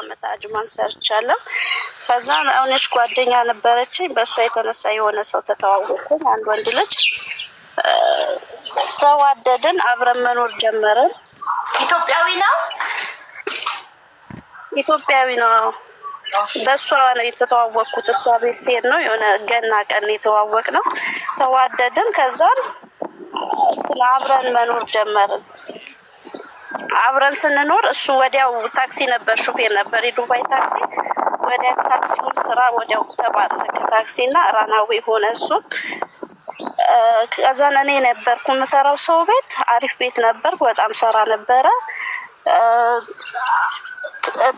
ዓመት አጅማን ሰርቻለሁ። ከዛ እውነች ጓደኛ ነበረችኝ። በእሷ የተነሳ የሆነ ሰው ተተዋወቅኩኝ። አንድ ወንድ ልጅ ተዋደድን፣ አብረን መኖር ጀመርን። ኢትዮጵያዊ ነው ኢትዮጵያዊ ነው። በእሷ ነው የተተዋወቅኩት። እሷ ቤት ሴት ነው የሆነ ገና ቀን የተዋወቅ ነው። ተዋደድን። ከዛን አብረን መኖር ጀመርን። አብረን ስንኖር እሱ ወዲያው ታክሲ ነበር ሹፌር ነበር፣ የዱባይ ታክሲ። ወዲያ ታክሲውን ስራ ወዲያው ተባረከ ታክሲ እና ራናዊ ሆነ እሱ። ከዛን እኔ ነበርኩ የምሰራው ሰው ቤት፣ አሪፍ ቤት ነበር፣ በጣም ሰራ ነበረ።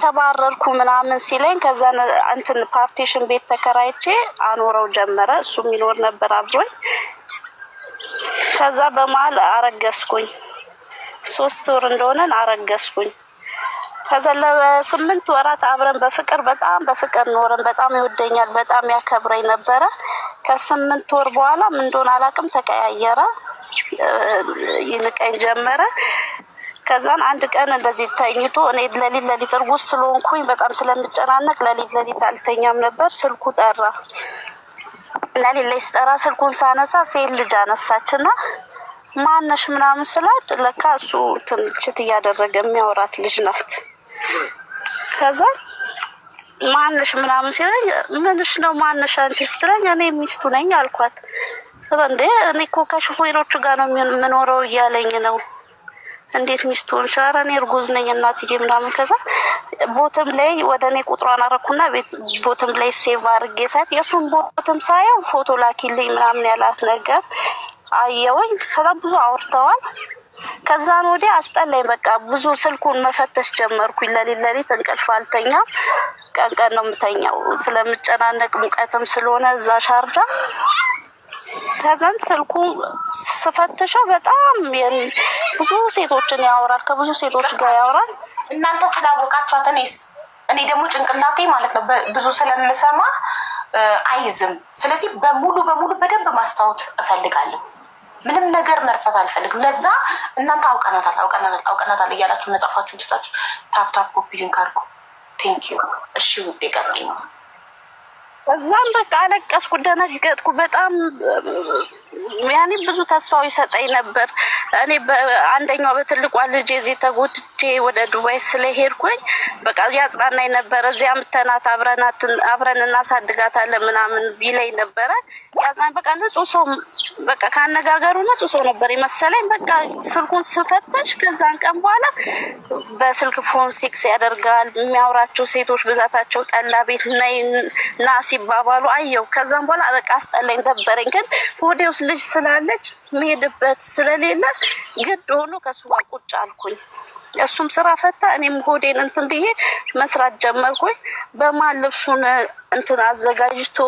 ተባረርኩ ምናምን ሲለኝ ከዛ እንትን ፓርቲሽን ቤት ተከራይቼ አኖረው ጀመረ። እሱ የሚኖር ነበር አብሮኝ። ከዛ በመሀል አረገዝኩኝ። ሶስት ወር እንደሆነን አረገዝኩኝ። ከዛ ለስምንት ወራት አብረን በፍቅር በጣም በፍቅር ኖረን፣ በጣም ይወደኛል፣ በጣም ያከብረኝ ነበረ። ከስምንት ወር በኋላ ምን እንደሆነ አላውቅም፣ ተቀያየረ፣ ይንቀኝ ጀመረ። ከዛን አንድ ቀን እንደዚህ ተኝቶ እኔ ለሊት ለሊት እርጉዝ ስለሆንኩኝ በጣም ስለምጨናነቅ ለሊት ለሊት አልተኛም ነበር። ስልኩ ጠራ። ለሊት ላይ ስጠራ ስልኩን ሳነሳ ሴት ልጅ አነሳችና ማነሽ ምናምን ስላት ለካ እሱ ትንችት እያደረገ የሚያወራት ልጅ ናት። ከዛ ማነሽ ምናምን ሲለኝ ምንሽ ነው ማነሽ አንቺ ስትለኝ እኔ ሚስቱ ነኝ አልኳት። እንደ እኔ እኮ ከሹፌሮቹ ጋር ነው የምኖረው እያለኝ ነው እንዴት ሚስቱ ሸረ እኔ እርጉዝ ነኝ እናትዬ ምናምን። ከዛ ቦትም ላይ ወደ እኔ ቁጥሯን አረኩና ቤት ቦትም ላይ ሴቭ አድርጌ ሳት የእሱን ቦትም ሳየው ፎቶ ላኪልኝ ምናምን ያላት ነገር አየውኝ። ከዛ ብዙ አውርተዋል። ከዛን ወዲህ አስጠላኝ። በቃ ብዙ ስልኩን መፈተሽ ጀመርኩኝ። ለሊት ለሊት እንቅልፍ አልተኛም። ቀን ቀን ነው የምተኛው ስለምጨናነቅ ሙቀትም ስለሆነ እዛ ሻርጃ ከዛን ስልኩ ስፈትሸው በጣም ብዙ ሴቶችን ያወራል። ከብዙ ሴቶች ጋር ያወራል። እናንተ ስላወቃችኋት፣ እኔስ እኔ ደግሞ ጭንቅላቴ ማለት ነው ብዙ ስለምሰማ አይዝም። ስለዚህ በሙሉ በሙሉ በደንብ ማስታወት እፈልጋለሁ። ምንም ነገር መርሳት አልፈልግም። ለዛ እናንተ አውቀናታል አውቀናታል አውቀናታል እያላችሁ መጽፋችሁን ትታችሁ ታፕታፕ ኮፒ ሊንክ አድርጉ። ቴንኪ እሺ ውዴ ቀጤ ነው። እዛም በቃ አለቀስኩ፣ ደነገጥኩ በጣም ያኔ ብዙ ተስፋው ይሰጠኝ ነበር። እኔ አንደኛዋ በትልቋ ልጅ እዚህ ተጎድቼ ወደ ዱባይ ስለሄድኩኝ በቃ ያጽናናኝ ነበረ። እዚያ ምተናት አብረን እናሳድጋታለን ምናምን ይለኝ ነበረ። ያጽናኝ በቃ ንጹህ ሰው በቃ ከአነጋገሩ ንጹህ ሰው ነበር የመሰለኝ። በቃ ስልኩን ስፈተሽ ከዛን ቀን በኋላ በስልክ ፎን ሴክስ ያደርጋል። የሚያወራቸው ሴቶች ብዛታቸው ጠላ ቤት ና ሲባባሉ አየው። ከዛም በኋላ በቃ አስጠላኝ፣ ደበረኝ ግን ሆዴ ልጅ ስላለች መሄድበት ስለሌለ ግድ ሆኖ ከሱ ጋር ቁጭ አልኩኝ። እሱም ስራ ፈታ፣ እኔም ሆዴን እንትን ብዬ መስራት ጀመርኩኝ። በማን ልብሱን እንትን አዘጋጅቶ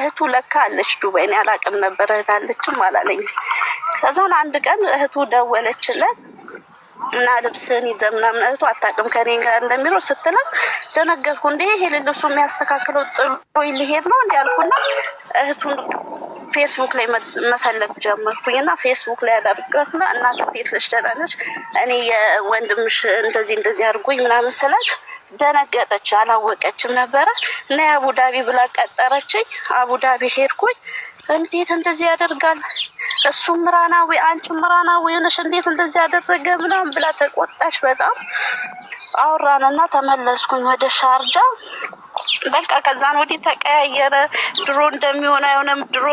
እህቱ ለካ አለች ዱባይ፣ እኔ አላቅም ነበር። እህት አለችም አላለኝ። ከዛን አንድ ቀን እህቱ ደወለችለን እና ልብስን ይዘህ ምናምን እህቱ አታውቅም ከኔ ጋር እንደሚለው ስትለም ደነገርኩ። እንዲ ይሄ ልብሱ የሚያስተካክለው ጥሎ ሊሄድ ነው እንዲ አልኩና እህቱን ፌስቡክ ላይ መፈለግ ጀመርኩኝ እና ፌስቡክ ላይ ና እናት ቤት ልጅ ደህና ነች፣ እኔ የወንድምሽ እንደዚህ እንደዚህ አድርጎኝ ምናምን ስላት ደነገጠች። አላወቀችም ነበረ እና የአቡዳቢ ብላ ቀጠረችኝ። አቡዳቢ ሄድኩኝ። እንዴት እንደዚህ ያደርጋል እሱ ምራናዊ፣ አንቺ ምራናዊ ሆነሽ እንዴት እንደዚህ ያደረገ ምናምን ብላ ተቆጣች በጣም። እና ተመለስኩኝ ወደ ሻርጃ። በቃ ከዛን ወዲህ ተቀያየረ። ድሮ እንደሚሆን አይሆንም። ድሮ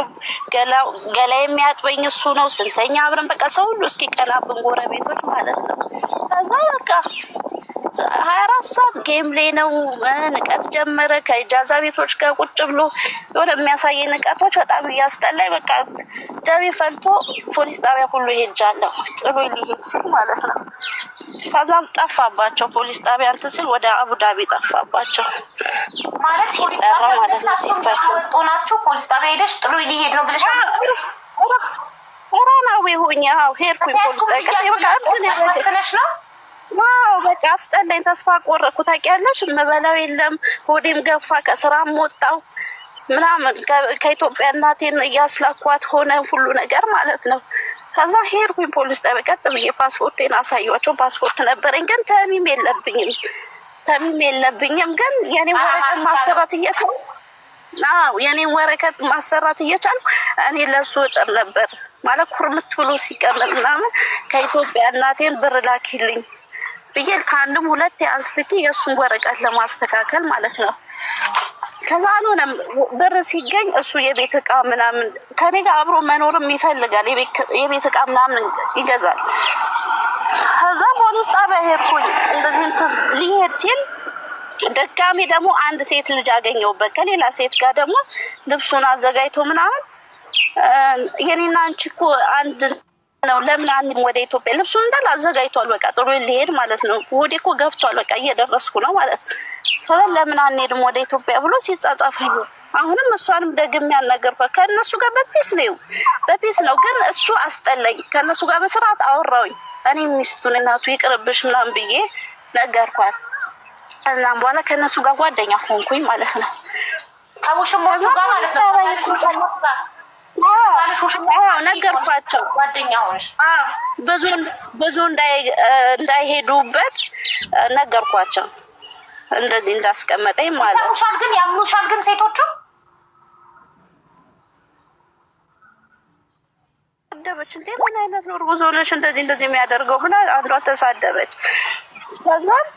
ገላ የሚያጥበኝ እሱ ነው። ስንተኛ አብረን በቃ ሰው ሁሉ እስኪቀናብን ጎረቤቶች ማለት ነው። ከዛ በቃ ሀያ አራት ሰዓት ጌም ላይ ነው። ንቀት ጀመረ ከጃዛ ቤቶች ጋር ቁጭ ብሎ የሆነ የሚያሳየ ንቀቶች በጣም እያስጠላኝ በቃ ደሜ ፈልቶ ፖሊስ ጣቢያ ሁሉ ይሄጃለሁ ጥሎ ሊሄድ ሲል ማለት ነው። ከዛም ጠፋባቸው ፖሊስ ጣቢያ እንትን ስል ወደ አቡዳቢ ጠፋባቸው ማለት ሲጠራ ማለት ነው። ሲፈቱ ናቸው ፖሊስ ጣቢያ ሄደሽ ጥሎ ሊሄድ ነው ብለሽ ራናዊ ሆኛ ሄድኩኝ ፖሊስ ጣቢያ ነው ዋው በቃ አስጠላኝ። ተስፋ ቆረጥኩ። ታውቂያለሽ፣ የምበላው የለም ሆዴም ገፋ፣ ከስራም ወጣው ምናምን ከኢትዮጵያ እናቴን እያስላኳት ሆነ ሁሉ ነገር ማለት ነው። ከዛ ሄድኩኝ ፖሊስ ጠበቀጥ ብዬ ፓስፖርቴን አሳያቸው። ፓስፖርት ነበረኝ ግን ተሚም የለብኝም፣ ተሚም የለብኝም ግን የኔ ወረቀት ማሰራት እየቻሉ አዎ ወረቀት ማሰራት እየቻሉ እኔ ለሱ እጥር ነበር ማለት ኩርምት ብሎ ሲቀመጥ ምናምን ከኢትዮጵያ እናቴን ብር ላኪልኝ ብዬ ከአንድም ሁለት ያንስልኪ የእሱን ወረቀት ለማስተካከል ማለት ነው። ከዛ አልሆነም። ብር ሲገኝ እሱ የቤት እቃ ምናምን ከኔ ጋር አብሮ መኖርም ይፈልጋል። የቤት እቃ ምናምን ይገዛል። ከዛ ፖሊስ ጣቢያ ሄድኩኝ። እንደዚህ ሊሄድ ሲል ደጋሚ ደግሞ አንድ ሴት ልጅ አገኘውበት ከሌላ ሴት ጋር ደግሞ ልብሱን አዘጋጅቶ ምናምን የኔና አንቺ እኮ አንድ ነው። ለምን አንድም ወደ ኢትዮጵያ ልብሱን እንዳል አዘጋጅቷል። በቃ ጥሩ ሊሄድ ማለት ነው። ወደ እኮ በቃ እየደረስኩ ነው ማለት ነው። ለምን አንሄድም ወደ ኢትዮጵያ ብሎ ሲጻጻፍ አሁንም እሷንም ደግም ያናገርኳት ከእነሱ ጋር በፒስ ነው በፒስ ነው፣ ግን እሱ አስጠላኝ። ከእነሱ ጋር በስርዓት አወራውኝ እኔ ሚስቱን እናቱ ይቅርብሽ ምናምን ብዬ ነገርኳት። እናም በኋላ ከእነሱ ጋር ጓደኛ ሆንኩኝ ማለት ነው። ከሙሽሞቹ ጋር ማለት ነው ነገርኳቸው። ብዙ እንዳይሄዱበት ነገርኳቸው። እንደዚህ እንዳስቀመጠኝ ማለት ነው። ግን ያምኑሻል። ግን ሴቶቹ ተሳደበች እንዴ! ምን አይነት ኖር ብዙ ሆነች እንደዚህ እንደዚህ የሚያደርገው ብላ አንዷ ተሳደበች። ከዛም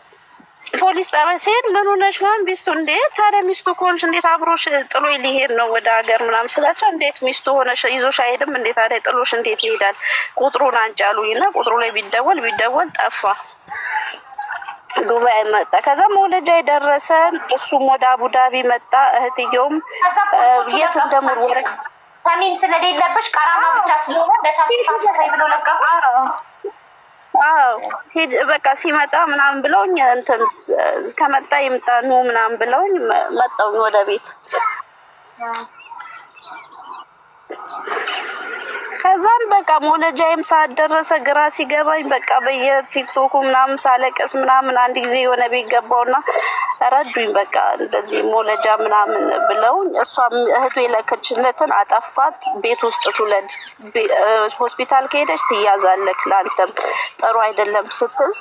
ፖሊስ ጣቢያ ሲሄድ ምን ሆነሽ ምናምን ሚስቱ እንዴት ታዲያ ሚስቱ ከሆንሽ እንዴት አብሮሽ ጥሎ ሊሄድ ነው ወደ ሀገር ምናምን ስላቸው እንዴት ሚስቱ ሆነሽ ይዞሽ አይሄድም እንዴት ታዲያ ጥሎሽ እንዴት ይሄዳል? ቁጥሩን አንቺ አሉኝ እና ቁጥሩ ላይ ቢደወል ቢደወል ጠፋ። ዱባይ መጣ። ከዛ መውለጃ የደረሰን እሱም ወደ አቡዳቢ መጣ። እህትየውም የት እንደምወረ ታሚም ስለሌለብሽ ቀራማ ብቻ ስለሆነ ለቻ ብሎ ለቀቁ ሂድ በቃ ሲመጣ ምናምን ብለውኝ እንትን ከመጣ ይምጣ ኑ ምናምን ብለውኝ መጣውኝ ወደ ቤት ከዛም በቃ መውለጃዬም ሳደረሰ ግራ ሲገባኝ በቃ በየቲክቶኩ ምናምን ሳለቀስ ምናምን አንድ ጊዜ የሆነ ቤት ገባውና ረዱኝ። በቃ እንደዚህ መውለጃ ምናምን ብለው እሷም እህቱ የለከችለትን አጠፋት። ቤት ውስጥ ትውለድ፣ ሆስፒታል ከሄደች ትያዛለክ፣ ለአንተም ጥሩ አይደለም ስትል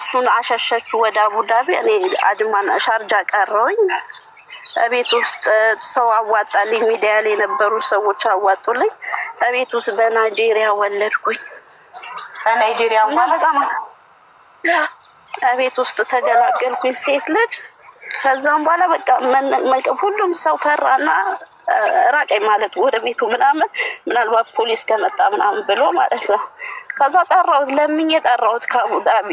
እሱን አሸሸች ወደ አቡዳቢ። እኔ አድማን ሻርጃ ቀረውኝ። ቤት ውስጥ ሰው አዋጣልኝ፣ ሚዲያ ላይ የነበሩ ሰዎች አዋጡልኝ። ቤት ውስጥ በናይጄሪያ ወለድኩኝ። በናይጄሪያ በጣም ቤት ውስጥ ተገላገልኩኝ፣ ሴት ልጅ። ከዛም በኋላ በቃ ሁሉም ሰው ፈራና ራቀኝ ማለት ወደ ቤቱ ምናምን ምናልባት ፖሊስ ከመጣ ምናምን ብሎ ማለት ነው። ከዛ ጠራሁት፣ ለምኜ ጠራሁት ከአቡዳቢ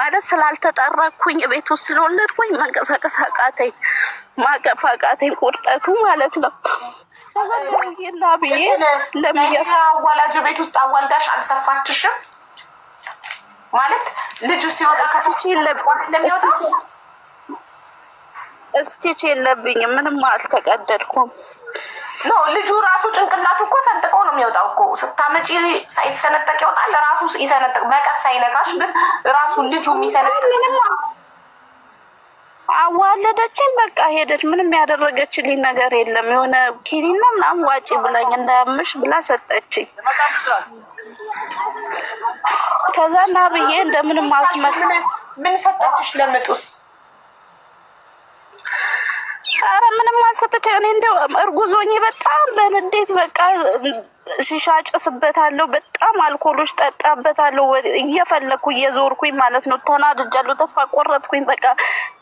ማለት ስላልተጠራኩኝ እቤት ውስጥ ስለወለድኩኝ መንቀሳቀስ አቃተኝ፣ ማቀፍ አቃተኝ። ቁርጠቱ ማለት ነው ና ብዬ ለሚያስ አዋላጅ ቤት ውስጥ አዋልዳሽ አልሰፋችሽም ማለት ልጁ ሲወጣ ከትቼ ለሚወጣ እስቲች የለብኝም ምንም አልተቀደድኩም። ነው። ልጁ ራሱ ጭንቅላቱ እኮ ሰንጥቆ ነው የሚወጣው እኮ ስታመጪ ሳይሰነጠቅ ይወጣል። ራሱ ይሰነጥቅ መቀስ ሳይነካሽ ግን ራሱ ልጁ የሚሰነጥቅ አዋለደችን በቃ ሄደች። ምንም ያደረገችልኝ ነገር የለም። የሆነ ኪኒና ምናምን ዋጪ ብላኝ እንዳያምሽ ብላ ሰጠችኝ። ከዛ ና ብዬ እንደምንም አስመ ምን ሰጠችሽ ለምጡስ ኧረ ምንም አንስተች። እኔ እንደው እርጉዞኝ በጣም በንዴት በቃ ሽሻ ጭስበታለሁ፣ በጣም አልኮሎች ጠጣበታለሁ። እየፈለግኩ እየዞርኩኝ ማለት ነው። ተናድጃለሁ፣ ተስፋ ቆረጥኩኝ። በቃ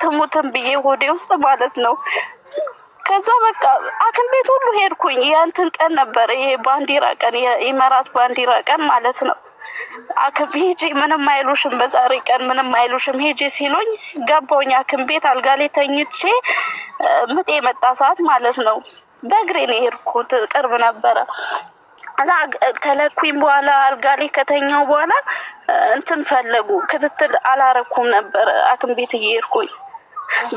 ትሙትን ብዬ ሆዴ ውስጥ ማለት ነው። ከዛ በቃ አክም ቤት ሁሉ ሄድኩኝ። ያንትን ቀን ነበረ ይሄ ባንዲራ ቀን፣ የኢመራት ባንዲራ ቀን ማለት ነው። አክም ሄጄ ምንም አይሉሽም፣ በዛሬ ቀን ምንም አይሉሽም ሄጄ ሲሉኝ ገባውኝ። አክም ቤት አልጋ ላይ ተኝቼ ምጤ የመጣ ሰዓት ማለት ነው። በእግሬ ነው የሄድኩት፣ ቅርብ ነበረ። እዛ ከለኩኝ በኋላ አልጋ ላይ ከተኛው በኋላ እንትን ፈለጉ ክትትል አላረኩም ነበረ አክም ቤት እየሄድኩኝ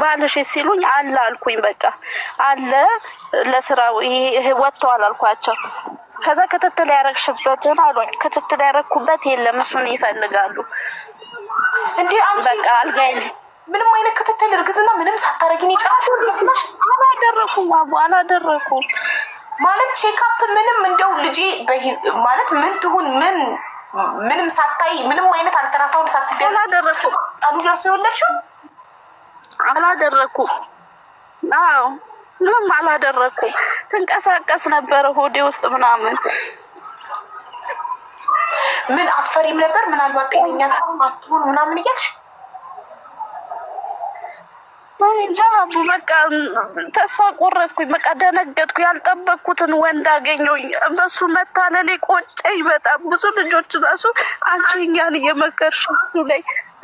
ባልሽ ሲሉኝ አለ አልኩኝ። በቃ አለ ለስራው ይሄ ወጥተዋል አልኳቸው። ከዛ ክትትል ያረግሽበትን አሉኝ። ክትትል ያረግኩበት የለም እሱን ይፈልጋሉ። እንዴ አንቺ በቃ አልጋይ ምንም አይነት ክትትል እርግዝና ምንም ሳታረጊ ነው የጨረሽ? እርግዝናሽ አላደረኩም አቡ አላደረኩም ማለት ቼክአፕ ምንም እንደው ልጄ ማለት ምን ትሁን ምን ምንም ሳታይ ምንም አይነት አልተራሳውን ሳትገ አላደረኩም አሉ ደርሶ የወለድሽው አላደረኩም። አዎ ምንም አላደረኩም። ትንቀሳቀስ ነበረ ሆዴ ውስጥ ምናምን። ምን አትፈሪም ነበር? ምናልባት ጤነኛ አትሆን ምናምን እያልሽ ጃቡ በቃ ተስፋ ቆረጥኩኝ። በቃ ደነገጥኩ። ያልጠበቅኩትን ወንድ አገኘሁኝ። በሱ መታለሌ ቆጨኝ በጣም ብዙ ልጆች ራሱ አንቺ እኛን እየመከርሽ ላይ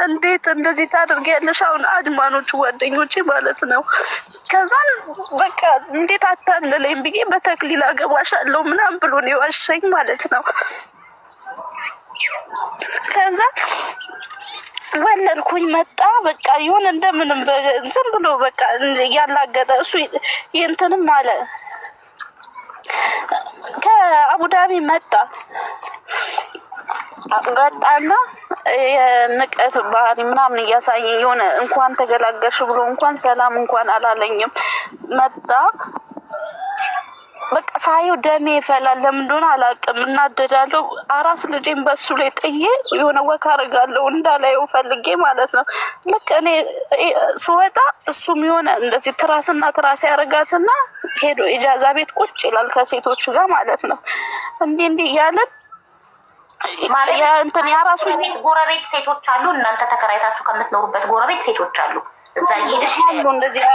እንዴት እንደዚህ ታደርጊያለሽ? አሁን አድማኖች ጓደኞቼ ማለት ነው። ከዛን በቃ እንዴት አታለለኝ ብዬ በተክሊል አገባሻለሁ ምናምን ብሎ ነው የዋሸኝ ማለት ነው። ከዛ ወለድኩኝ መጣ። በቃ ይሁን እንደምንም ዝም ብሎ በቃ ያላገጠ እሱ ይንትንም አለ ከአቡዳቢ መጣ ወጣና የንቀት ባህሪ ምናምን እያሳየ የሆነ እንኳን ተገላገልሽ ብሎ እንኳን ሰላም እንኳን አላለኝም። መጣ በቃ ሳየው ደሜ ይፈላል። ለምን እንደሆነ አላውቅም። እናደዳለሁ። አራስ ልጄን በሱ ላይ ጥዬ የሆነ ወካ አደርጋለሁ እንዳላየው ፈልጌ ማለት ነው። ልክ እኔ ስወጣ እሱም የሆነ እንደዚህ ትራስና ትራስ ያደርጋትና ሄዶ ኢጃዛ ቤት ቁጭ ይላል ከሴቶቹ ጋር ማለት ነው። እንዲህ እንዲህ እያለን እንትን ያራሱ ጎረቤት ሴቶች አሉ። እናንተ ተከራይታችሁ ከምትኖሩበት ጎረቤት ሴቶች አሉ። እዛ እየሄድሽ ሁሉ እንደዚህ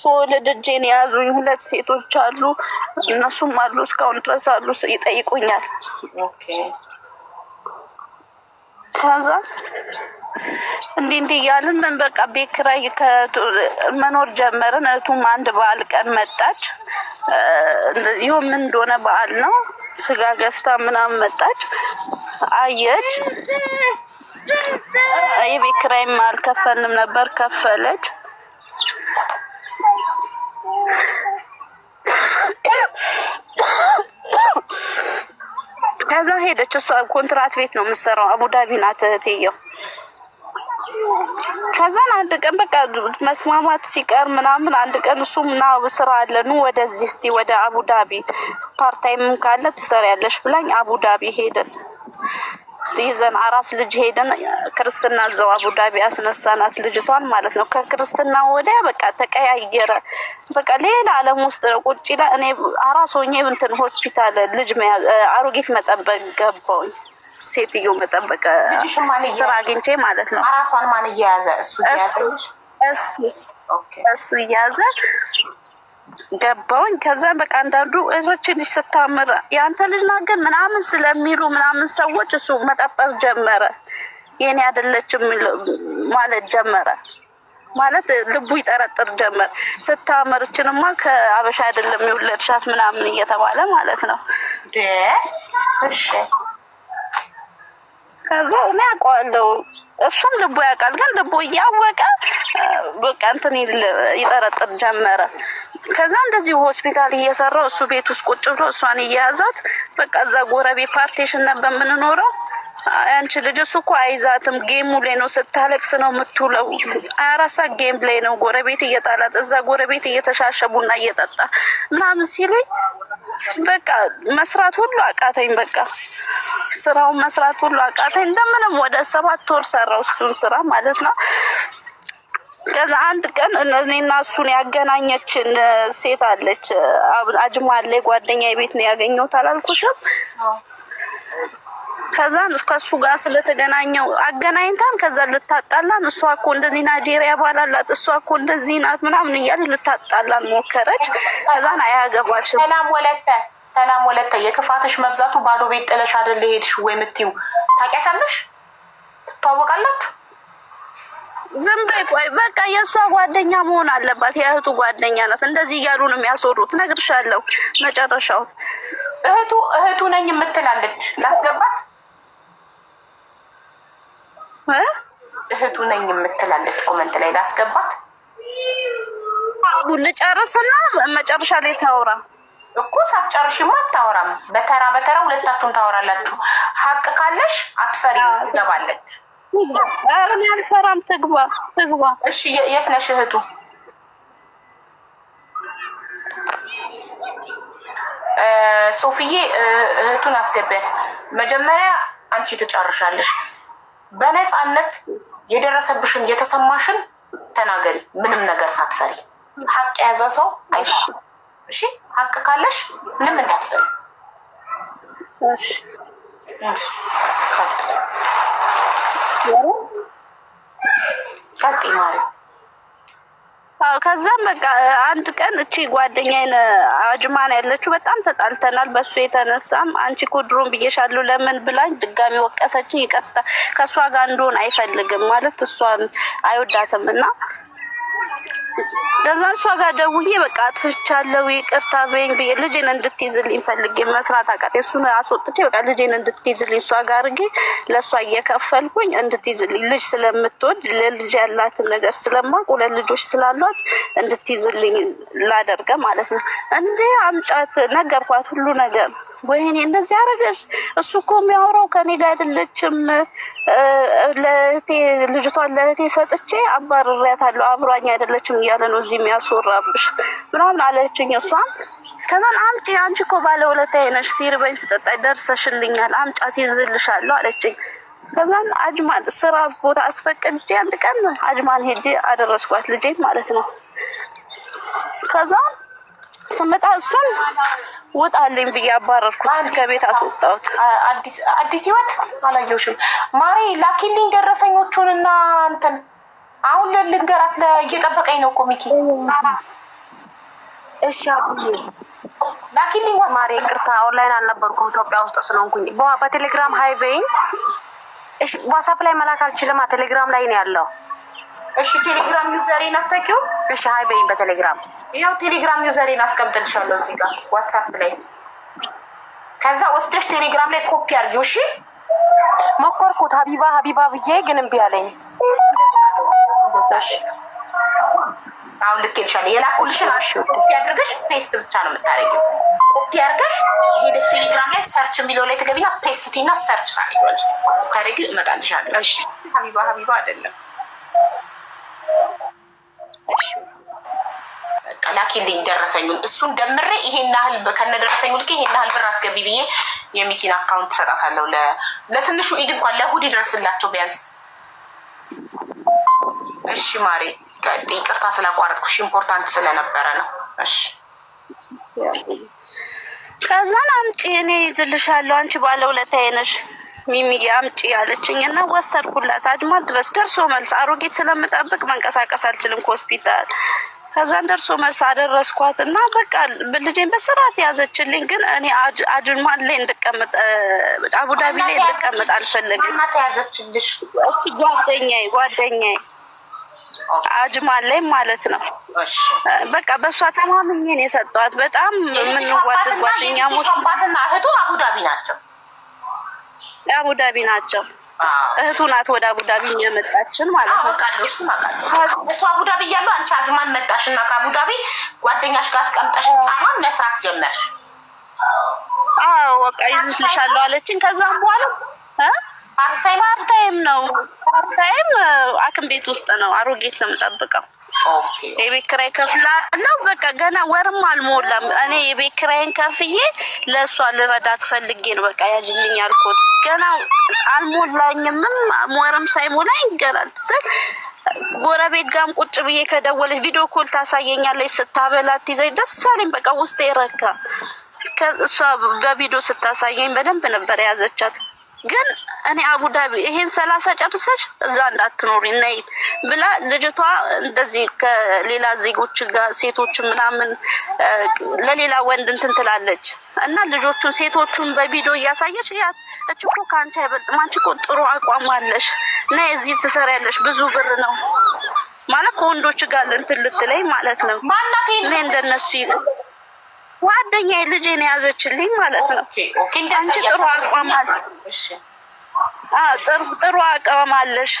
ሶል ድጄን የያዙኝ ሁለት ሴቶች አሉ። እነሱም አሉ እስካሁን ድረስ አሉ፣ ይጠይቁኛል። ከዛ እንዲ እንዲ እያልን ምን በቃ ቤት ኪራይ መኖር ጀመርን። እቱም አንድ በዓል ቀን መጣች። እንደዚሁ ምን እንደሆነ በዓል ነው ስጋ ገዝታ ምናምን መጣች። አየች የቤት ኪራይም አልከፈልንም ነበር፣ ከፈለች። ከዛ ሄደች። እሷ ኮንትራት ቤት ነው የምትሰራው፣ አቡዳቢ ናት እህትየው ከዛን አንድ ቀን በቃ መስማማት ሲቀር ምናምን አንድ ቀን እሱም ና ስራ አለ ኑ ወደዚህ እስቲ ወደ አቡዳቢ ፓርታይም ካለ ትሰሪያለሽ ብላኝ አቡዳቢ ሄደን ይዘን አራስ ልጅ ሄደን ክርስትና እዛው አቡዳቢ አስነሳናት ልጅቷን ማለት ነው። ከክርስትና ወዲያ በቃ ተቀያየረ። በቃ ሌላ ዓለም ውስጥ ነው ቁጭ ላ እኔ አራስ ሆኜ እንትን ሆስፒታል ልጅ አሮጌት መጠበቅ ገባውኝ። ሴትዮ መጠበቅ ስራ አግኝቼ ማለት ነው። ራሷን ማን እየያዘ እሱ እሱ እያዘ ገባውኝ። ከዛም በቃ አንዳንዱ እዞች ልጅ ስታምር የአንተ ልጅ ግን ምናምን ስለሚሉ ምናምን ሰዎች እሱ መጠበቅ ጀመረ። የኔ አይደለችም ማለት ጀመረ። ማለት ልቡ ይጠረጥር ጀመር። ስታመርችንማ ከአበሻ አይደለም የወለድሻት ምናምን እየተባለ ማለት ነው። እሺ ከዛ እኔ አውቀዋለሁ እሱም ልቦ ያውቃል። ግን ልቦ እያወቀ በቃ እንትን ይጠረጥር ጀመረ። ከዛ እንደዚህ ሆስፒታል እየሰራው እሱ ቤት ውስጥ ቁጭ ብሎ እሷን እየያዛት በቃ እዛ ጎረቤት ፓርቴሽን ነበር የምንኖረው አንቺ ልጅ እሱ እኮ አይዛትም። ጌሙ ላይ ነው ስታለቅስ ነው የምትውለው። አራሳ ጌም ላይ ነው ጎረቤት እየጣላት እዛ ጎረቤት እየተሻሸ ቡና እየጠጣ ምናምን ሲሉኝ በቃ መስራት ሁሉ አቃተኝ። በቃ ስራውን መስራት ሁሉ አቃተኝ። እንደምንም ወደ ሰባት ወር ሰራው እሱን ስራ ማለት ነው። ከዛ አንድ ቀን እኔና እሱን ያገናኘችን ሴት አለች። አጅማ ላይ ጓደኛ ቤት ነው ያገኘሁት አላልኩሽም? ከዛ ከሱ ጋር ስለተገናኘው አገናኝታን ከዛ ልታጣላን እሷ እኮ እንደዚህ ናይጄሪያ ባላላት እሷ እኮ እንደዚህ ናት ምናምን እያለች ልታጣላን ሞከረች። ከዛን አያገባችም። ሰላም ወለተ፣ ሰላም ወለተ፣ የክፋትሽ መብዛቱ ባዶ ቤት ጥለሽ አይደል ሄድሽ ወይ የምትይው ታውቂያታለሽ? ትተዋወቃላችሁ? ዝም በይ ቆይ፣ በቃ የእሷ ጓደኛ መሆን አለባት። የእህቱ ጓደኛ ናት። እንደዚህ እያሉ ነው የሚያስወሩት። ነግርሻለሁ መጨረሻውን። እህቱ እህቱ ነኝ የምትላለች ላስገባት እህቱ ነኝ የምትላለች ኮመንት ላይ ላስገባት። ልጨርስና መጨረሻ ላይ ታወራ እኮ ሳትጨርሽማ አታወራም። በተራ በተራ ሁለታችሁም ታወራላችሁ። ሀቅ ካለሽ አትፈሪ ትገባለች። እኔ አልፈራም። ትግባ ትግባ። እሺ የት ነሽ እህቱ? ሶፍዬ እህቱን አስገቢያት። መጀመሪያ አንቺ ትጨርሻለሽ። በነፃነት የደረሰብሽን የተሰማሽን ተናገሪ፣ ምንም ነገር ሳትፈሪ። ሀቅ የያዘ ሰው አይፈራም። እሺ፣ ሀቅ ካለሽ ምንም እንዳትፈሪ። ቀጤ ማሪ አዎ ከዛም በቃ አንድ ቀን እቺ ጓደኛዬን አጅማን ያለችው በጣም ተጣልተናል። በሱ የተነሳም አንቺ እኮ ድሮም ብዬሻለሁ ለምን ብላኝ ድጋሚ ወቀሰችኝ። ይቅርታ ከእሷ ጋር እንደሆን አይፈልግም ማለት እሷን አይወዳትም እና ለዛ እሷ ጋር ደውዬ በቃ አጥፍቻለሁ ይቅርታ በይኝ ብዬ ልጄን እንድትይዝልኝ ፈልጌ መስራት አቃቴ። እሱን አስወጥቼ በቃ ልጄን እንድትይዝልኝ እሷ ጋር አድርጌ ለእሷ እየከፈልኩኝ እንድትይዝልኝ ልጅ ስለምትወድ ለልጅ ያላትን ነገር ስለማውቅ ሁለት ልጆች ስላሏት እንድትይዝልኝ ላደርገ ማለት ነው። እንዴ አምጫት ነገርኳት፣ ሁሉ ነገር ወይኔ እንደዚህ አረገሽ። እሱ እኮ የሚያወራው ከኔ ጋር አይደለችም፣ ለእህቴ ልጅቷን ለእህቴ ሰጥቼ አባርሬያታለሁ አብሯኛ አይደለችም እያለ ነው እዚህ የሚያስወራብሽ ምናምን አለችኝ። እሷም ከዛን አምጪ አንቺ እኮ ባለ ሁለት አይነሽ ሲርበኝ ስጠጣ ደርሰሽልኛል፣ አምጫት ይዝልሻለሁ አለችኝ። ከዛን አጅማል ስራ ቦታ አስፈቅጄ አንድ ቀን አጅማል ሄጄ አደረስኳት ልጄ ማለት ነው። ከዛ ስመጣ እሱን ውጣልኝ ብዬ አባረርኩት፣ ከቤት አስወጣሁት። አዲስ ህይወት አላየሁሽም ማሬ ላኪልኝ ደረሰኞቹንና እንትን አሁን ለልንገራት እየጠበቀኝ ነው እኮ ሚኪ። እሺ አቡዬ ላኪልኝ። ማሬ ቅርታ ኦንላይን አልነበርኩም ኢትዮጵያ ውስጥ ስለሆንኩኝ በቴሌግራም ሀይ በይኝ። እሺ ዋትሳፕ ላይ መላክ አልችልማ፣ ቴሌግራም ላይ ነው ያለው። እሺ ቴሌግራም ዩዘሬን አታውቂው? እሺ ሀይ በይኝ በቴሌግራም ያው ቴሌግራም ዩዘሬን አስቀምጥልሻለሁ እዚህ ጋር ዋትሳፕ ላይ። ከዛ ወስደሽ ቴሌግራም ላይ ኮፒ አርጊው። እሺ ሞከርኩት ሀቢባ ሀቢባ ብዬ ግን እምቢ አለኝ። ገዛሽ። አሁን ልኬልሻለሁ። የላኩልሽን ኮፒ አድርገሽ ፔስት ብቻ ነው የምታደርጊው። ኮፒ አድርገሽ ሄደሽ ቴሌግራም ላይ ሰርች የሚለው ላይ ትገቢና ፔስት ቲና ሰርች ታደርጊዋለሽ። ታደርጊው እመጣልሻለሁ። ሀቢባ ሀቢባ አይደለም ላኪልኝ ደረሰኙን። እሱን ደምሬ ይሄን ያህል ከነደረሰኙ ልኬ ይሄን ያህል ብር አስገቢ ብዬ የሚኪን አካውንት ትሰጣታለሁ። ለትንሹ ኢድ እንኳን ለእሑድ ይደርስላቸው ቢያንስ እሺ ማሬ፣ ይቅርታ ስላቋረጥኩሽ ኢምፖርታንት ስለነበረ ነው። እሺ ከዛን አምጪ እኔ ይዝልሻለሁ አንቺ ባለ ሁለት አይነሽ ሚሚ አምጪ ያለችኝ እና ወሰድኩላት። አጅማ ድረስ ደርሶ መልስ አሮጌት ስለምጠብቅ መንቀሳቀስ አልችልም ከሆስፒታል ከዛን ደርሶ መልስ አደረስኳት እና በቃ ብልጄን በስርዓት ያዘችልኝ። ግን እኔ አጅማ ላይ እንድቀምጥ አቡዳቢ ላይ አልፈልግም ያዘችልሽ ጓደኛዬ ጓደኛዬ አጅማ ላይ ማለት ነው። በቃ በእሷ ተማምኜ ነው የሰጠኋት። በጣም የምንዋደድ ጓደኛሞች። አባትና እህቱ አቡዳቢ ናቸው። አቡዳቢ ናቸው። እህቱ ናት ወደ አቡዳቢ የመጣችን ማለት ነው። እሱ አቡዳቢ እያሉ አንቺ አጅማን መጣሽ እና ከአቡዳቢ ጓደኛሽ ጋር አስቀምጠሽ ህፃኗን መስራት ጀመርሽ። አዎ በቃ ይዝልሻለሁ አለችን። ከዛም በኋላ ፓርታይም ነው። ፓርታይም አክም ቤት ውስጥ ነው። አሮጌት ነው የምጠብቀው። የቤት ኪራይ ከፍላ ነው። በቃ ገና ወርም አልሞላም። እኔ የቤት ኪራይን ከፍዬ ለእሷ ልረዳት ፈልጌ ነው። በቃ ያጅልኝ አልኩት። ገና አልሞላኝምም። ወርም ሳይሞላኝ ገና ትስል ጎረቤት ጋም ቁጭ ብዬ ከደወለች ቪዲዮ ኮል ታሳየኛለች። ስታበላት ይዘኝ ደስ አለኝ። በቃ ውስጤ ረካ። እሷ በቪዲዮ ስታሳየኝ በደንብ ነበር የያዘቻት። ግን እኔ አቡዳቢ ይሄን ሰላሳ ጨርሰች እዛ እንዳትኖሪ ነይ ብላ ልጅቷ እንደዚህ ከሌላ ዜጎች ጋር ሴቶች ምናምን ለሌላ ወንድ እንትን ትላለች እና ልጆቹ ሴቶቹን በቪዲዮ እያሳየች ያት እች እኮ ከአንቺ አይበልጥም፣ አንቺ እኮ ጥሩ አቋም አለሽ፣ ነይ እዚህ ትሰሪያለሽ፣ ብዙ ብር ነው ማለት ከወንዶች ጋር እንትን ልትለኝ ማለት ነው። እኔ እንደነሱ ጓደኛ ልጄን የያዘችልኝ ማለት ነው። አንቺ ጥሩ አቋም አለሽ፣ ጥሩ አቋም አለሽ፣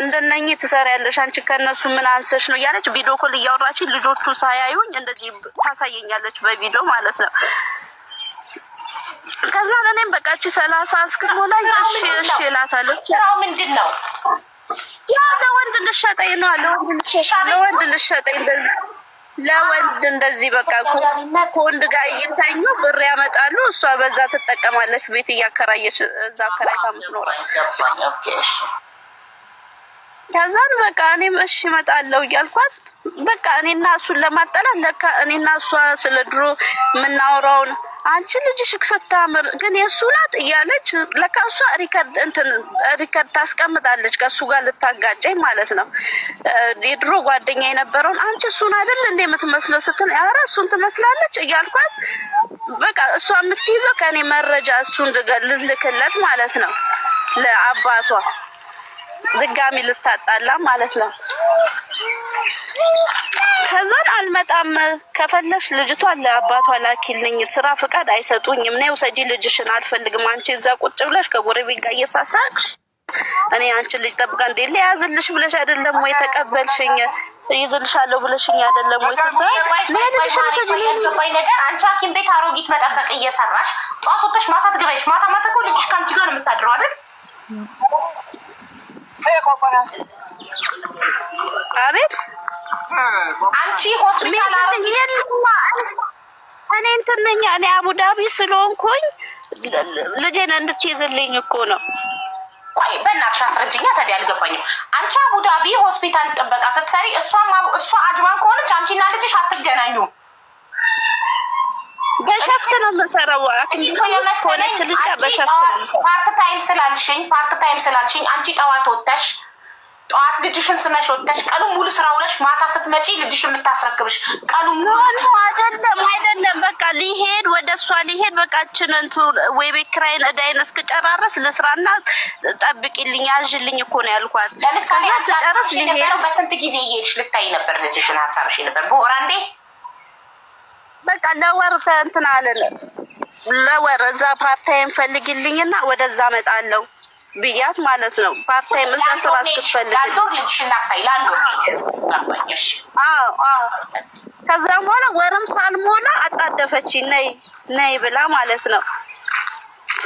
እንደነኚህ ትሰሪያለሽ። አንቺ ከነሱ ምን አንሰሽ ነው እያለች ቪዲዮ ኮል እያወራችኝ ልጆቹ ሳያዩኝ እንደዚህ ታሳየኛለች በቪዲዮ ማለት ነው። ከዛ እኔም በቃ እቺ ሰላሳ እስክሞላ እሺ እሺ እላታለሁ። ስራው ምንድን ነው? ያው ለወንድ ልሸጠኝ ነው፣ ለወንድ ልሸጠኝ ለወንድ እንደዚህ በቃ ከወንድ ጋር እየተኙ ብር ያመጣሉ። እሷ በዛ ትጠቀማለች። ቤት እያከራየች እዛ አከራይታ ምትኖረ ከዛን በቃ እኔም እሺ እመጣለሁ እያልኳት በቃ እኔና እሱን ለማጠላት ለካ እኔና እሷ ስለ ድሮ የምናወራውን አንቺ ልጅሽ ሰታምር ግን የእሱ ናት እያለች ለካ እሷ ሪከርድ እንትን ሪከርድ ታስቀምጣለች ከእሱ ጋር ልታጋጨኝ ማለት ነው። የድሮ ጓደኛ የነበረውን አንቺ እሱን አይደል እንደ የምትመስለው ስትል ኧረ እሱን ትመስላለች እያልኳት በቃ እሷ የምትይዘው ከእኔ መረጃ እሱን ልልክለት ማለት ነው ለአባቷ ድጋሚ ልታጣላ ማለት ነው። ከዛን አልመጣም ከፈለሽ ልጅቷን ለአባቷ ላኪልኝ፣ ስራ ፈቃድ አይሰጡኝም፣ ነይ ውሰጂ ልጅሽን፣ አልፈልግም። አንቺ እዛ ቁጭ ብለሽ ከጎረቤት ጋር እየሳሳቅሽ እኔ አንቺን ልጅ ጠብቃ እንዴ ለያዝልሽ ብለሽ አይደለም ወይ ተቀበልሽኝ? ይዝልሻለሁ ብለሽኝ አይደለም ወይ ስታይ ነገር አንቺ ሐኪም ቤት አሮጊት መጠበቅ እየሰራሽ ጠዋት ወጥተሽ ማታ ትገባሽ። ማታ ማታ እኮ ልጅሽ ከአንቺ ጋር ነው የምታድረው አይደል? አቤት አንቺ ሆስፒታል እኔ እንትን ነኝ። እኔ አቡዳቢ ስለሆንኩኝ ልጄን እንድትይዝልኝ እኮ ነው። ቆይ በእናትሽ አስረጅኛ። ታዲያ አልገባኝም። አንቺ አቡዳቢ ሆስፒታል ጥበቃ ስትሰሪ እሷ አጅማን ከሆነች አንቺና ልጅሽ አትገናኙም? በሸፍት ነው የምንሰራው። ከሆነች ልጅ ጋር በሸፍት ነው ፓርት ታይም ስላልሽኝ ፓርት ታይም ስላልሽኝ አንቺ ጠዋት ወተሽ ጠዋት ልጅሽን ስመሽ ወተሽ ቀኑ ሙሉ ስራ ውለሽ ማታ ስትመጪ ልጅሽ የምታስረክብሽ ቀኑ ሙሉ አይደለም፣ አይደለም። በቃ ሊሄድ ወደ እሷ ሊሄድ በቃችን እንቱ ወይ ቤት ኪራይን እዳይን እስክጨራረስ ለስራና ጠብቂልኝ አዥልኝ እኮ ነው ያልኳት። ለምሳሌ ስጨርስ ሊሄድ በስንት ጊዜ እየሄድሽ ልታይ ነበር ልጅሽን ሀሳብሽ ነበር በወር አንዴ በቃ ለወር እንትን አለን። ለወር እዛ ፓርታይም ፈልግልኝና ወደዛ እመጣለሁ ብያት ማለት ነው። ፓርታይም እዛ ስራ እስክትፈልግ ከዛም በኋላ ወርም ሳልሞላ አጣደፈች ነይ ነይ ብላ ማለት ነው።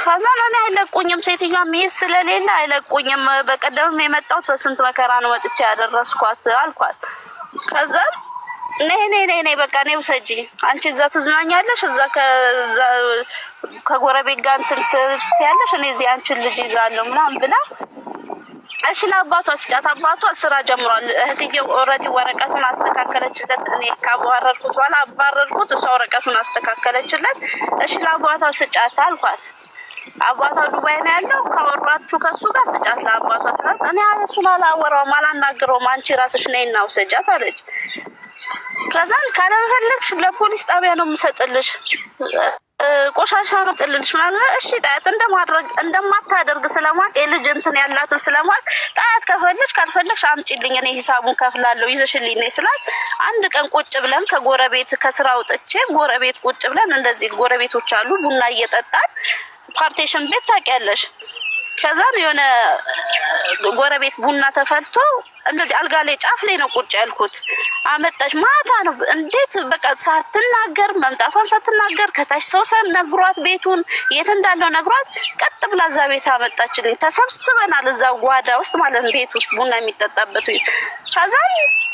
ከዛ ለኔ አይለቁኝም፣ ሴትዮዋ ሚስ ስለሌለ አይለቁኝም። በቀደምም የመጣሁት በስንት መከራ ነው ወጥቼ ያደረስኳት አልኳት። ከዛ ነይ ነይ ነይ ነይ በቃ ነይ ውሰጂ። አንቺ እዛ ትዝናኛለሽ፣ እዛ ከዛ ከጎረቤት ጋር እንትን ትያለሽ። እኔ እዚህ አንቺን ልጅ ይዛለሁ ምናምን ብላ እሺ ለአባቷ ስጫት። አባቷ ስራ ጀምሯል። እህትዬው ኦልሬዲ ወረቀቱን አስተካከለችለት። እኔ ካባረርኩት በኋላ አባረርኩት፣ እሷ ወረቀቱን አስተካከለችለት። እሺ ለአባቷ ስጫት አልኳት። አባቷ ዱባይ ነው ያለው። ካወራችሁ ከሱ ጋር ስጫት ለአባቷ ስላት፣ እኔ እሱን አላወራውም አላናግረውም፣ አንቺ ራስሽ ነይና ውሰጃት አለች። ከዛን ካለመፈለግሽ ለፖሊስ ጣቢያ ነው የምሰጥልሽ፣ ቆሻሻ ነው ጥልልሽ ምናምን። እሺ ጣያት እንደማድረግ እንደማታደርግ ስለማቅ የልጅ እንትን ያላትን ስለማቅ ጣያት ከፈለግሽ ካልፈለግሽ አምጪልኝ እኔ ሂሳቡን ከፍላለሁ ይዘሽልኝ ነይ ስላት፣ አንድ ቀን ቁጭ ብለን ከጎረቤት ከስራ ውጥቼ ጎረቤት ቁጭ ብለን እንደዚህ ጎረቤቶች አሉ ቡና እየጠጣን ፓርቴሽን ቤት ታውቂያለሽ ከዛም የሆነ ጎረቤት ቡና ተፈልቶ እንደዚህ አልጋ ላይ ጫፍ ላይ ነው ቁጭ ያልኩት። አመጣች ማታ ነው እንዴት በቃ ሳትናገር መምጣቷን ሳትናገር ከታች ሰው ነግሯት ቤቱን የት እንዳለው ነግሯት ቀጥ ብላ እዛ ቤት አመጣችልኝ። ተሰብስበናል እዛ ጓዳ ውስጥ ማለት ቤት ውስጥ ቡና የሚጠጣበት ከዛም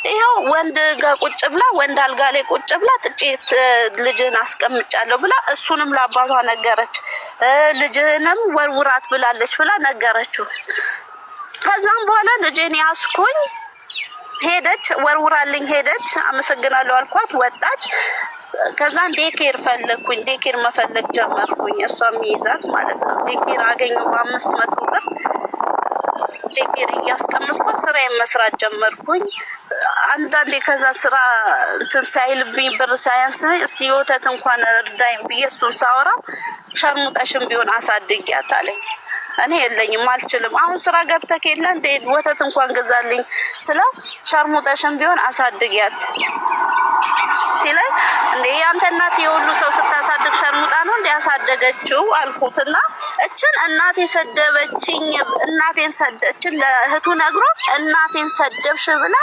ይኸው ወንድ ጋር ቁጭ ብላ ወንድ አልጋ ላይ ቁጭ ብላ ጥጭት ልጅህን አስቀምጫለሁ ብላ እሱንም ለአባቷ ነገረች። ልጅህንም ወርውራት ብላለች ብላ ነገረችው። ከዛም በኋላ ልጅን ያስኩኝ ሄደች፣ ወርውራልኝ ሄደች። አመሰግናለሁ አልኳት፣ ወጣች። ከዛ ዴኬር ፈለግኩኝ። ዴኬር መፈለግ ጀመርኩኝ። እሷ የሚይዛት ማለት ነው። ዴኬር አገኘው በአምስት መቶ ብር ቴኬር እያስቀመጥኩ ስራ መስራት ጀመርኩኝ። አንዳንዴ ከዛ ስራ እንትን ሳይልብኝ ብር ሳያንስ እስቲ የወተት እንኳን እርዳኝ ብዬ እሱን ሳወራ ሸርሙጠሽን ቢሆን አሳድጊያት አለኝ። እኔ የለኝም አልችልም። አሁን ስራ ገብተህ ከሌለ እንደ ወተት እንኳን ገዛልኝ ስለው ሸርሙጠሽን ቢሆን አሳድጊያት ሲለኝ እንዴ ያንተ እናት የሁሉ ሰው ስታሳድግ ሸርሙጣ ነው እንዲያሳደገችው ያሳደገችው አልኩትና እችን እናቴ ሰደበችኝ፣ እናቴን ሰደችን ለእህቱ ነግሮ እናቴን ሰደብሽ ብላ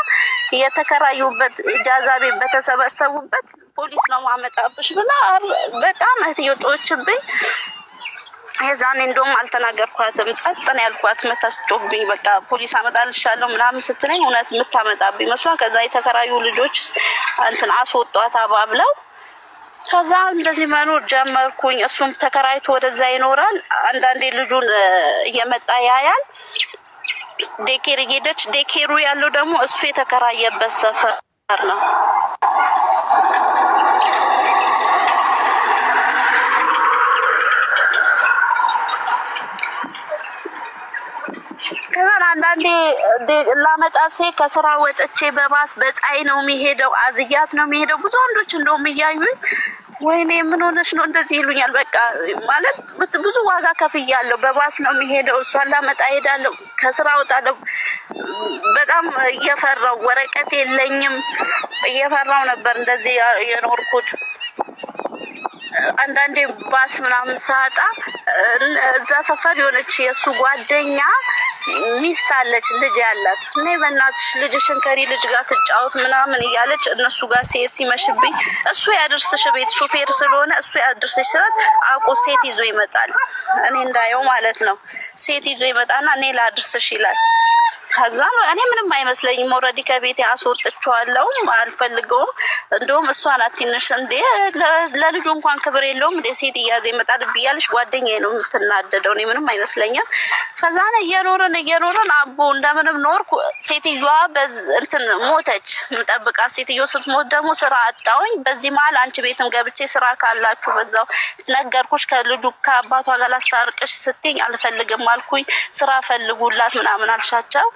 የተከራዩበት ጃዛቤ በተሰበሰቡበት ፖሊስ ነው ማመጣብሽ ብላ በጣም እህት ጮችብኝ። የዛኔ እንደውም አልተናገርኳትም፣ ጸጥ ነው ያልኳት። መታስጮብኝ በቃ ፖሊስ አመጣልሻለሁ ምናምን ስትለኝ እውነት የምታመጣብኝ መስሏ። ከዛ የተከራዩ ልጆች እንትን አስወጧት አባብለው ከዛ እንደዚህ መኖር ጀመርኩኝ። እሱም ተከራይቶ ወደዛ ይኖራል። አንዳንዴ ልጁን እየመጣ ያያል። ዴኬር እየሄደች ዴኬሩ ያለው ደግሞ እሱ የተከራየበት ሰፈር ነው። አንዴ ላመጣ ሴ ከስራ ወጥቼ በባስ በፀሐይ ነው የሚሄደው፣ አዝያት ነው የሚሄደው። ብዙ ወንዶች እንደውም እያዩኝ ወይኔ ምን ሆነሽ ነው እንደዚህ ይሉኛል። በቃ ማለት ብዙ ዋጋ ከፍያለሁ። በባስ ነው የሚሄደው፣ እሷን ላመጣ ሄዳለሁ፣ ከስራ ወጣለሁ። በጣም እየፈራው ወረቀት የለኝም እየፈራው ነበር እንደዚህ የኖርኩት አንዳንዴ ባስ ምናምን ሳጣ እዛ ሰፈር የሆነች የእሱ ጓደኛ ሚስት አለች፣ ልጅ ያላት እኔ በእናትሽ ልጅ ሽንከሪ ልጅ ጋር ትጫወት ምናምን እያለች እነሱ ጋር ሴር ሲመሽብኝ እሱ ያደርስሽ ቤት ሾፌር ስለሆነ እሱ ያደርስሽ ስላት አቁ ሴት ይዞ ይመጣል። እኔ እንዳየው ማለት ነው። ሴት ይዞ ይመጣና እኔ ላድርስሽ ይላል። ከዛ እኔ ምንም አይመስለኝም። ኦልሬዲ ከቤት አስወጥቼዋለሁም አልፈልገውም። እንደውም እሷ ናት ትንሽ እንዴ ለልጁ እንኳን ክብር የለውም እንደ ሴት እያዘ ይመጣል ብያለሽ። ጓደኛዬ ነው የምትናደደው፣ እኔ ምንም አይመስለኛም። ከዛን እየኖርን እየኖርን አቦ እንደምንም ኖርኩ። ሴትዮዋ እንትን ሞተች። የምጠብቃት ሴትዮ ስትሞት ደግሞ ስራ አጣውኝ። በዚህ መሀል አንቺ ቤትም ገብቼ ስራ ካላችሁ በዛው ነገርኩሽ። ከልጁ ከአባቷ ጋር ላስታርቅሽ ስትኝ አልፈልግም አልኩኝ። ስራ ፈልጉላት ምናምን አልሻቸው